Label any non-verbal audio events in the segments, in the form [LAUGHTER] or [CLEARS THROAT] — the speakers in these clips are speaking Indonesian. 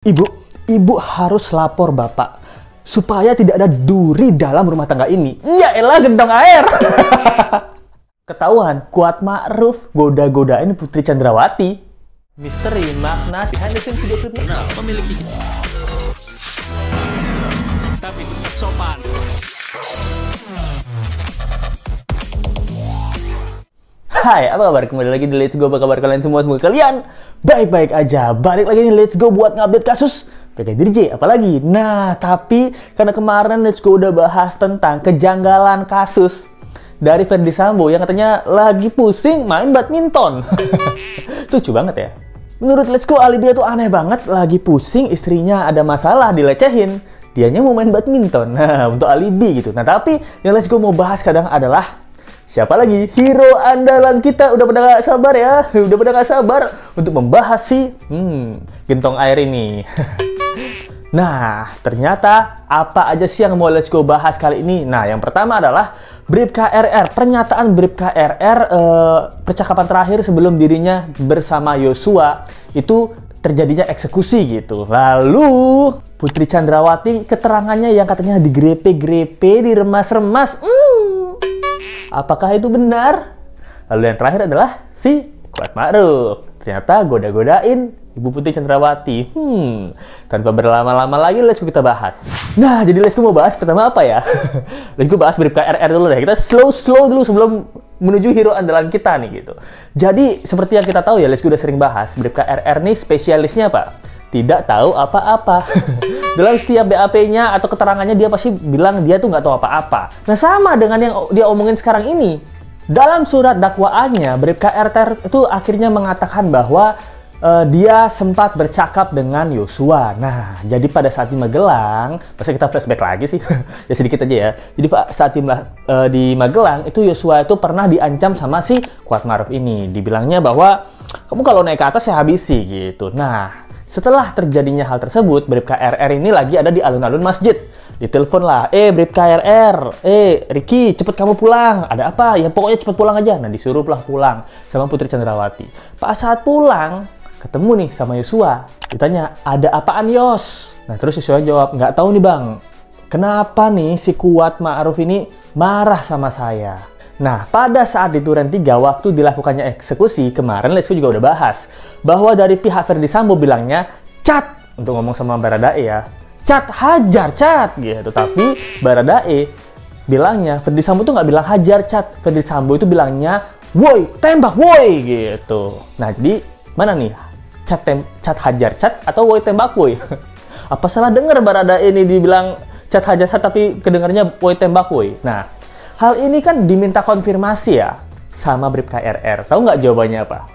Ibu, ibu harus lapor bapak supaya tidak ada duri dalam rumah tangga ini. Iya, elah gendong air. [LAUGHS] Ketahuan, kuat Ma'ruf goda-godain Putri Chandrawati. Misteri makna behind the video klip memiliki Kita. Hai, apa kabar? Kembali lagi di Let's Go. Apa kabar kalian semua? Semoga kalian baik-baik aja. Balik lagi di Let's Go buat ngupdate kasus PT DJ. apalagi. Nah, tapi karena kemarin Let's Go udah bahas tentang kejanggalan kasus dari Ferdi Sambo yang katanya lagi pusing main badminton. [LAUGHS] Lucu banget ya. Menurut Let's Go, alibi itu aneh banget. Lagi pusing, istrinya ada masalah, dilecehin. Dianya mau main badminton. [LAUGHS] Nah, untuk alibi gitu. Nah, tapi yang Let's Go mau bahas kadang adalah Siapa lagi? Hero andalan kita udah pada gak sabar ya, udah pada gak sabar untuk membahas si hmm, gentong air ini. [LAUGHS] nah, ternyata apa aja sih yang mau let's go bahas kali ini? Nah, yang pertama adalah Brip KRR, pernyataan Brip KRR eh, percakapan terakhir sebelum dirinya bersama Yosua itu terjadinya eksekusi gitu. Lalu Putri Chandrawati keterangannya yang katanya digrepe-grepe, diremas-remas. Hmm, Apakah itu benar? Lalu yang terakhir adalah si Kuat Ma'ruf. Ternyata goda-godain Ibu Putri Cendrawati. Hmm, tanpa berlama-lama lagi, let's go kita bahas. Nah, jadi let's go mau bahas pertama apa ya? [LAUGHS] let's go bahas bribka RR dulu deh. Kita slow-slow dulu sebelum menuju hero andalan kita nih gitu. Jadi, seperti yang kita tahu ya, let's go udah sering bahas, bribka RR nih spesialisnya apa? Tidak tahu apa-apa. [LAUGHS] dalam setiap BAP-nya atau keterangannya dia pasti bilang dia tuh nggak tahu apa-apa. Nah sama dengan yang dia omongin sekarang ini. Dalam surat dakwaannya, Bribka RT itu akhirnya mengatakan bahwa uh, dia sempat bercakap dengan Yosua. Nah, jadi pada saat di Magelang, pasti kita flashback lagi sih, [LAUGHS] ya sedikit aja ya. Jadi saat di, uh, di Magelang itu Yosua itu pernah diancam sama si Kuat Maruf ini. Dibilangnya bahwa kamu kalau naik ke atas ya habisi gitu. Nah, setelah terjadinya hal tersebut, Bribka RR ini lagi ada di alun-alun masjid. Ditelepon lah, eh Bribka RR, eh Ricky cepet kamu pulang. Ada apa? Ya pokoknya cepet pulang aja. Nah disuruh pulang pulang sama Putri Chandrawati. Pas saat pulang, ketemu nih sama Yosua. Ditanya, ada apaan Yos? Nah terus Yosua jawab, nggak tahu nih bang. Kenapa nih si Kuat Ma'ruf ini marah sama saya? Nah, pada saat di Duren 3 waktu dilakukannya eksekusi, kemarin Lesko juga udah bahas bahwa dari pihak Verdi Sambo bilangnya, "Cat" untuk ngomong sama Baradae ya. "Cat, hajar, cat." gitu. Tapi Baradae bilangnya, Verdi Sambo tuh nggak bilang hajar, cat. Verdi Sambo itu bilangnya, "Woi, tembak, woi." gitu. Nah, jadi mana nih? Cat, tem cat hajar, cat atau woi tembak, woi? [LAUGHS] Apa salah denger Baradae ini dibilang cat hajar, cat tapi kedengarnya woi tembak, woi? Nah, Hal ini kan diminta konfirmasi ya sama Brip rr. Tahu nggak jawabannya apa?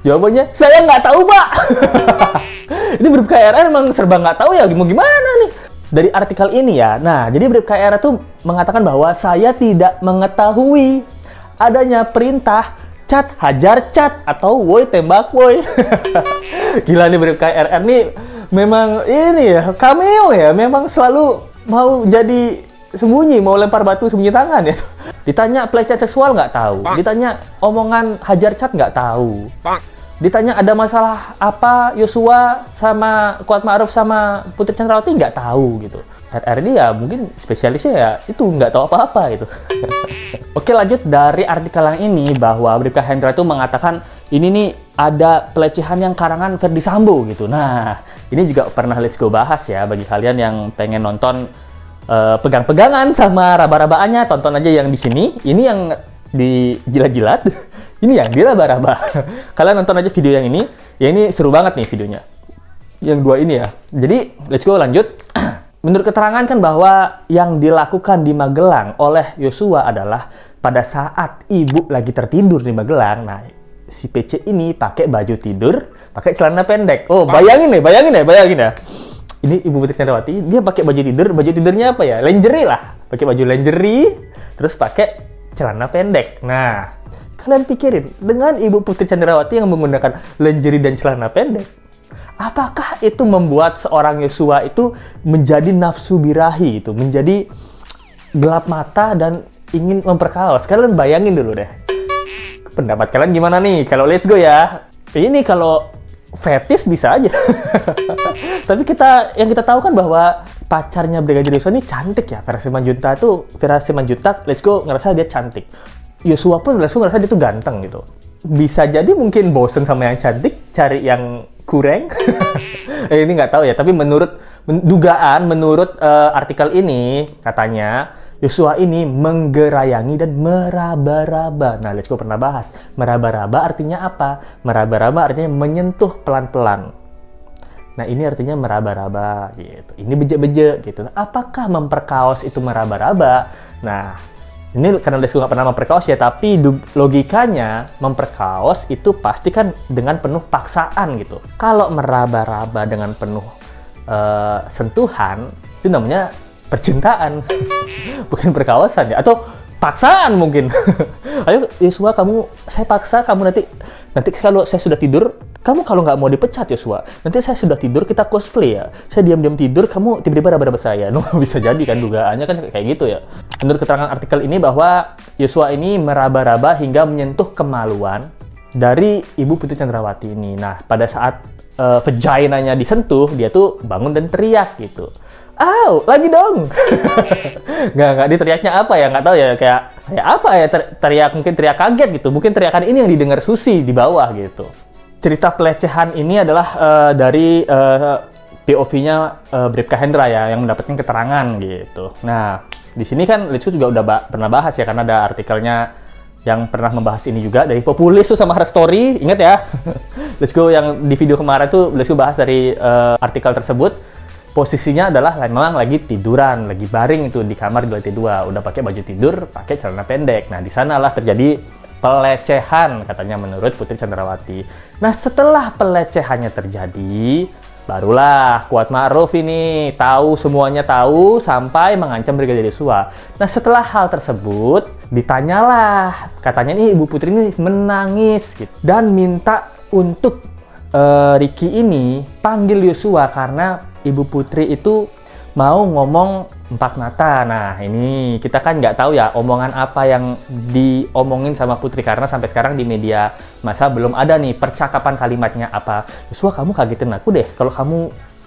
Jawabannya, saya nggak tahu, Pak. [LAUGHS] ini Brip rr emang serba nggak tahu ya, mau gimana nih? Dari artikel ini ya, nah jadi Brip rr tuh mengatakan bahwa saya tidak mengetahui adanya perintah cat hajar cat atau woi tembak woi. [LAUGHS] Gila nih Brip KRR nih memang ini ya cameo ya, memang selalu mau jadi sembunyi mau lempar batu sembunyi tangan ya ditanya pelecehan seksual nggak tahu ditanya omongan hajar cat nggak tahu ditanya ada masalah apa Yosua sama Kuat Ma'ruf sama Putri Chandrawati nggak tahu gitu RR ini ya mungkin spesialisnya ya itu nggak tahu apa-apa itu. [LAUGHS] oke lanjut dari artikel yang ini bahwa Bribka Hendra itu mengatakan ini nih ada pelecehan yang karangan Ferdi Sambo gitu nah ini juga pernah Let's Go bahas ya bagi kalian yang pengen nonton uh, pegang-pegangan sama raba-rabaannya tonton aja yang di sini ini yang dijilat-jilat [LAUGHS] ini yang diraba-raba [LAUGHS] kalian nonton aja video yang ini ya ini seru banget nih videonya yang dua ini ya jadi let's go lanjut [CLEARS THROAT] menurut keterangan kan bahwa yang dilakukan di Magelang oleh Yosua adalah pada saat ibu lagi tertidur di Magelang nah si PC ini pakai baju tidur pakai celana pendek oh bayangin nih bayangin nih, bayangin ya ini Ibu Putri Candrawati dia pakai baju tidur, baju tidurnya apa ya? Lingerie lah. Pakai baju lingerie, terus pakai celana pendek. Nah, kalian pikirin, dengan Ibu Putri Candrawati yang menggunakan lingerie dan celana pendek, apakah itu membuat seorang Yosua itu menjadi nafsu birahi itu, menjadi gelap mata dan ingin memperkaos? Kalian bayangin dulu deh. Pendapat kalian gimana nih? Kalau let's go ya. Ini kalau fetis bisa aja. [LAUGHS] Tapi kita yang kita tahu kan bahwa pacarnya Brigadir Yosua ini cantik ya. Vera Manjuta tuh Vera Manjuta, let's go ngerasa dia cantik. Yosua pun let's ngerasa dia tuh ganteng gitu. Bisa jadi mungkin bosen sama yang cantik, cari yang kurang. [LAUGHS] eh, ini nggak tahu ya. Tapi menurut dugaan menurut uh, artikel ini katanya Yosua ini menggerayangi dan meraba-raba. Nah, let's go pernah bahas. Meraba-raba artinya apa? Meraba-raba artinya menyentuh pelan-pelan. Nah, ini artinya meraba-raba gitu. Ini beje-beje gitu. Nah, apakah memperkaos itu meraba-raba? Nah, ini karena Lesku nggak pernah memperkaos ya, tapi logikanya memperkaos itu pasti kan dengan penuh paksaan gitu. Kalau meraba-raba dengan penuh Eh, sentuhan itu namanya percintaan [LAUGHS] bukan perkawasan ya atau paksaan mungkin [LAUGHS] ayo Yosua kamu saya paksa kamu nanti nanti kalau saya sudah tidur kamu kalau nggak mau dipecat Yosua nanti saya sudah tidur kita cosplay ya saya diam-diam tidur kamu tiba-tiba raba-raba saya [LAUGHS] no, bisa jadi kan dugaannya kan kayak gitu ya menurut keterangan artikel ini bahwa Yosua ini meraba-raba hingga menyentuh kemaluan dari ibu Putri Chandrawati ini nah pada saat uh, vaginanya disentuh, dia tuh bangun dan teriak gitu. Aw, lagi dong. [LAUGHS] nggak nggak dia teriaknya apa ya? Nggak tahu ya kayak kayak apa ya teriak mungkin teriak kaget gitu. Mungkin teriakan ini yang didengar Susi di bawah gitu. Cerita pelecehan ini adalah uh, dari uh, eh, POV-nya uh, Bripka Hendra ya yang mendapatkan keterangan gitu. Nah, di sini kan Litsu juga udah ba pernah bahas ya karena ada artikelnya yang pernah membahas ini juga dari populis tuh sama hard story ingat ya [LAUGHS] let's go yang di video kemarin tuh let's go bahas dari uh, artikel tersebut posisinya adalah memang lagi tiduran lagi baring itu di kamar di lantai dua udah pakai baju tidur pakai celana pendek nah di sanalah terjadi pelecehan katanya menurut Putri Chandrawati nah setelah pelecehannya terjadi Barulah Kuat Ma'ruf ini tahu semuanya tahu sampai mengancam Brigadir Yosua. Nah setelah hal tersebut ditanyalah katanya nih Ibu Putri ini menangis gitu. dan minta untuk uh, eh, Ricky ini panggil Yosua karena Ibu Putri itu mau ngomong empat mata. Nah, ini kita kan nggak tahu ya omongan apa yang diomongin sama Putri karena sampai sekarang di media masa belum ada nih percakapan kalimatnya apa. Joshua, kamu kagetin aku deh. Kalau kamu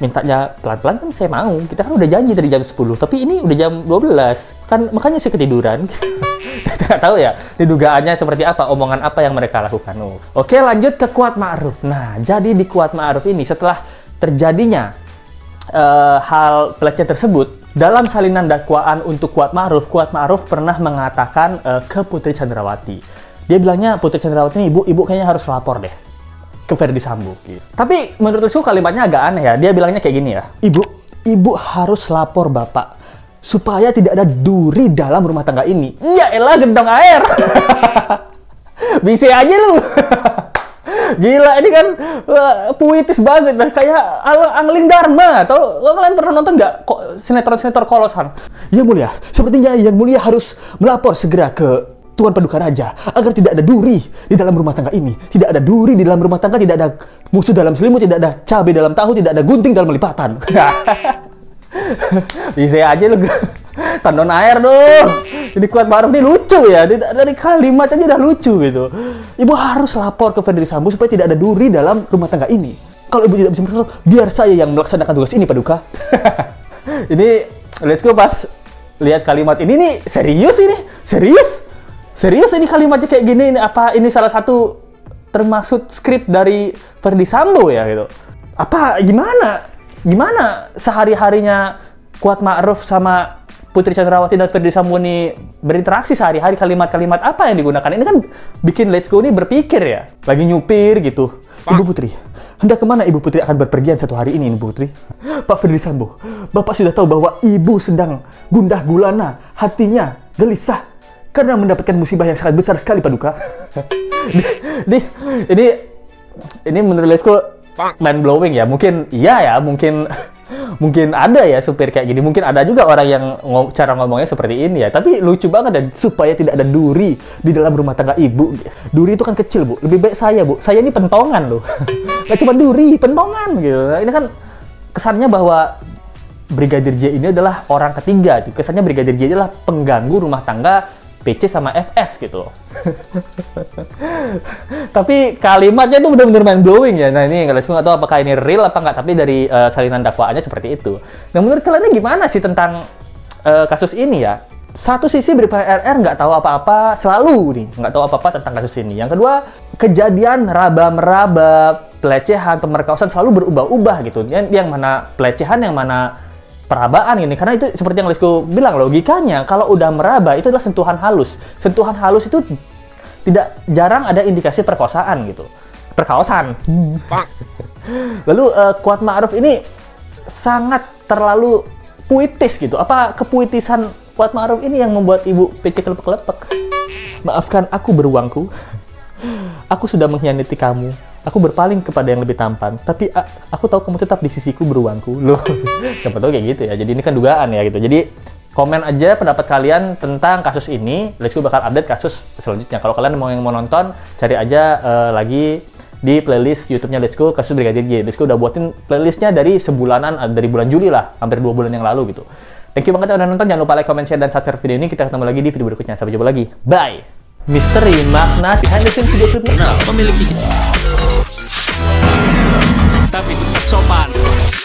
mintanya pelan-pelan kan saya mau. Kita kan udah janji dari jam 10, tapi ini udah jam 12. Kan makanya saya ketiduran. [LAUGHS] kita nggak tahu ya Dugaannya seperti apa, omongan apa yang mereka lakukan. Oh. Oke, lanjut ke Kuat Ma'ruf. Nah, jadi di Kuat Ma'ruf ini setelah terjadinya uh, hal pelecehan tersebut dalam salinan dakwaan untuk Kuat Ma'ruf, Kuat Ma'ruf pernah mengatakan uh, ke Putri Chandrawati. Dia bilangnya Putri Chandrawati ini ibu, ibu kayaknya harus lapor deh ke Ferdi Sambo. Gitu. Tapi menurut saya kalimatnya agak aneh ya. Dia bilangnya kayak gini ya. Ibu, ibu harus lapor bapak supaya tidak ada duri dalam rumah tangga ini. Iya elah gendong air. [LAUGHS] Bisa aja lu. [LAUGHS] Gila ini kan uh, puitis banget nah kayak Al Angling Dharma atau kalian pernah nonton nggak sinetron-sinetron kolosan? Ya mulia, sepertinya yang mulia harus melapor segera ke Tuan Paduka Raja agar tidak ada duri di dalam rumah tangga ini. Tidak ada duri di dalam rumah tangga, tidak ada musuh dalam selimut, tidak ada cabai dalam tahu, tidak ada gunting dalam lipatan. [LAUGHS] Bisa aja lu tandon air dong. Jadi kuat bareng ini lucu ya. Dari kalimat aja udah lucu gitu. Ibu harus lapor ke Frederick Sambo supaya tidak ada duri dalam rumah tangga ini. Kalau ibu tidak bisa bersuara, biar saya yang melaksanakan tugas ini, Paduka. [LAUGHS] ini, let's go pas lihat kalimat ini nih serius ini, serius, serius ini kalimatnya kayak gini. Ini apa? Ini salah satu termasuk skrip dari Ferdi Sambo ya gitu. Apa gimana? Gimana sehari harinya Kuat Ma'ruf sama Putri Chandrawati dan Ferdi ini berinteraksi sehari-hari kalimat-kalimat apa yang digunakan ini kan bikin Let's Go ini berpikir ya lagi nyupir gitu Pak. Ibu Putri hendak kemana Ibu Putri akan berpergian satu hari ini Ibu Putri Pak Ferdi Sambo Bapak sudah tahu bahwa Ibu sedang gundah gulana hatinya gelisah karena mendapatkan musibah yang sangat besar sekali Paduka ini, [LAUGHS] ini ini menurut Let's Go mind blowing ya mungkin iya ya mungkin mungkin ada ya supir kayak gini mungkin ada juga orang yang ngom cara ngomongnya seperti ini ya tapi lucu banget dan supaya tidak ada duri di dalam rumah tangga ibu duri itu kan kecil bu lebih baik saya bu saya ini pentongan loh [LAUGHS] nggak cuma duri pentongan gitu nah, ini kan kesannya bahwa Brigadir J ini adalah orang ketiga. Kesannya Brigadir J adalah pengganggu rumah tangga PC sama FS gitu loh. [LAUGHS] tapi kalimatnya itu benar-benar mind blowing ya. Nah ini kalian nggak tahu apakah ini real apa nggak, tapi dari uh, salinan dakwaannya seperti itu. Nah menurut kalian gimana sih tentang uh, kasus ini ya? Satu sisi berupa RR nggak tahu apa-apa selalu nih, nggak tahu apa-apa tentang kasus ini. Yang kedua, kejadian raba-meraba, pelecehan, pemerkosaan selalu berubah-ubah gitu. Yang, yang mana pelecehan, yang mana perabaan ini karena itu seperti yang Lesko bilang logikanya kalau udah meraba itu adalah sentuhan halus sentuhan halus itu tidak jarang ada indikasi perkosaan gitu perkawasan [LAUGHS] lalu uh, Kuat Ma'ruf ini sangat terlalu puitis gitu apa kepuitisan Kuat Ma'ruf ini yang membuat ibu PC kelepek-kelepek maafkan aku beruangku aku sudah mengkhianati kamu aku berpaling kepada yang lebih tampan, tapi aku tahu kamu tetap di sisiku beruangku. [LAUGHS] Loh, siapa tahu kayak gitu ya. Jadi ini kan dugaan ya gitu. Jadi komen aja pendapat kalian tentang kasus ini. Let's go bakal update kasus selanjutnya. Kalau kalian mau yang mau nonton, cari aja uh, lagi di playlist YouTube-nya Let's Go kasus Brigadir J. Let's Go udah buatin playlistnya dari sebulanan, eh, dari bulan Juli lah, hampir dua bulan yang lalu gitu. Thank you banget ya udah nonton. Jangan lupa like, comment, share, dan subscribe video ini. Kita ketemu lagi di video berikutnya. Sampai jumpa lagi. Bye! Misteri makna behind the scenes video clip Nah, memiliki tapi tetap sopan.